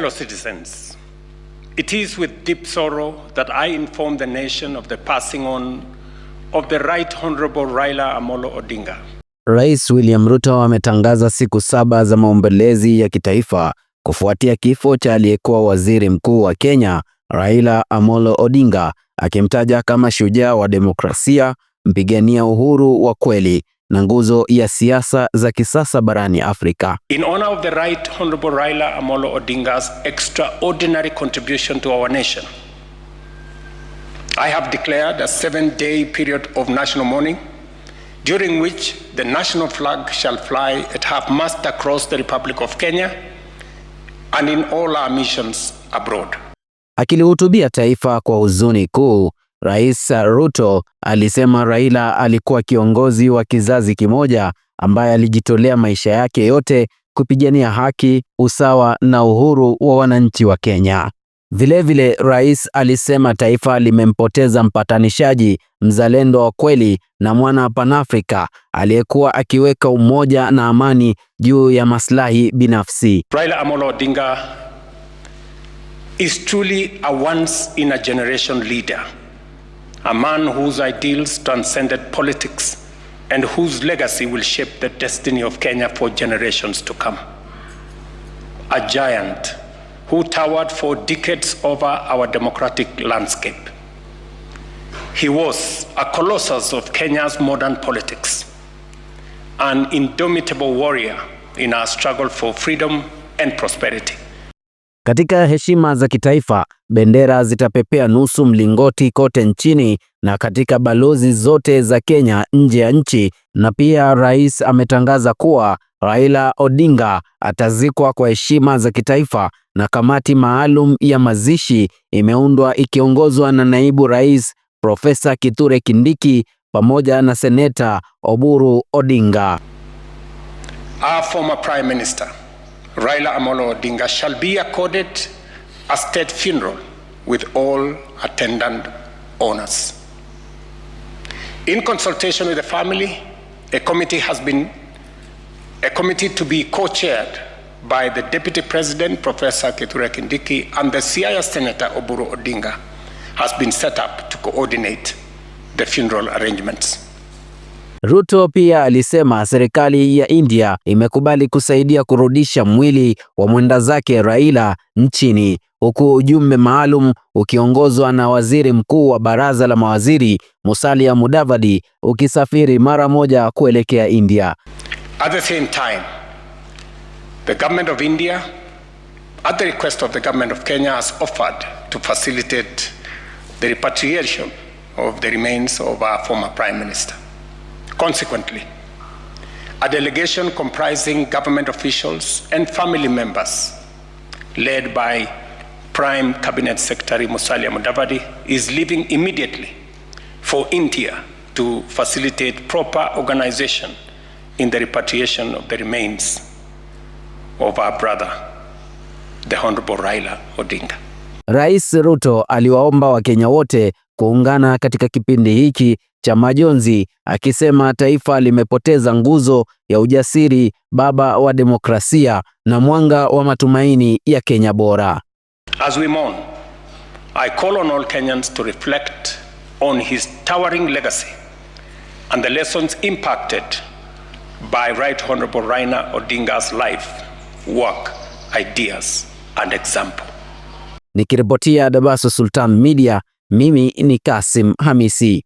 Fellow citizens, it is with deep sorrow that I inform the nation of the passing on of the Right Honorable Raila Amolo Odinga. Rais William Ruto ametangaza siku saba za maombolezi ya kitaifa kufuatia kifo cha aliyekuwa waziri mkuu wa Kenya, Raila Amolo Odinga, akimtaja kama shujaa wa demokrasia, mpigania uhuru wa kweli na nguzo ya siasa za kisasa barani Afrika. In honor of the right honorable Raila Amolo Odinga's extraordinary contribution to our nation, I have declared a seven-day period of national mourning during which the national flag shall fly at half-mast across the Republic of Kenya and in all our missions abroad. Akilihutubia taifa kwa huzuni kuu Rais Ruto alisema Raila alikuwa kiongozi wa kizazi kimoja ambaye alijitolea maisha yake yote kupigania haki, usawa na uhuru wa wananchi wa Kenya. Vilevile vile, rais alisema taifa limempoteza mpatanishaji, mzalendo wa kweli na mwana panafrika aliyekuwa akiweka umoja na amani juu ya maslahi binafsi. Raila Amolo Odinga is truly a once in a generation leader a man whose ideals transcended politics and whose legacy will shape the destiny of Kenya for generations to come. A giant who towered for decades over our democratic landscape. He was a colossus of Kenya's modern politics, an indomitable warrior in our struggle for freedom and prosperity. Katika heshima za kitaifa, bendera zitapepea nusu mlingoti kote nchini na katika balozi zote za Kenya nje ya nchi, na pia rais ametangaza kuwa Raila Odinga atazikwa kwa heshima za kitaifa na kamati maalum ya mazishi imeundwa ikiongozwa na naibu rais Profesa Kithure Kindiki pamoja na seneta Oburu Odinga. Our former prime minister Raila Amolo Odinga shall be accorded a state funeral with all attendant honors. In consultation with the family, a committee has been a committee to be co-chaired by the Deputy President, Professor Kithure Kindiki, and the CIS Senator Oburu Odinga has been set up to coordinate the funeral arrangements. Ruto pia alisema serikali ya India imekubali kusaidia kurudisha mwili wa mwenda zake Raila nchini, huku ujumbe maalum ukiongozwa na waziri mkuu wa baraza la mawaziri Musalia Mudavadi ukisafiri mara moja kuelekea India. At the same time, the government of India at the request of the government of Kenya has offered to facilitate the repatriation of the remains of our former prime minister. Consequently, a delegation comprising government officials and family members, led by Prime Cabinet Secretary Musalia Mudavadi, is leaving immediately for India to facilitate proper organization in the repatriation of the remains of our brother, the Honorable Raila Odinga. Rais Ruto aliwaomba Wakenya wote kuungana katika kipindi hiki cha majonzi, akisema taifa limepoteza nguzo ya ujasiri, baba wa demokrasia na mwanga wa matumaini ya Kenya bora. As we mourn, I call on all Kenyans to reflect on his towering legacy and the lessons impacted by Right Honorable Raila Odinga's life, work, ideas and example. Nikiripotia Dabaso Sultan Media, mimi ni Kasim Hamisi.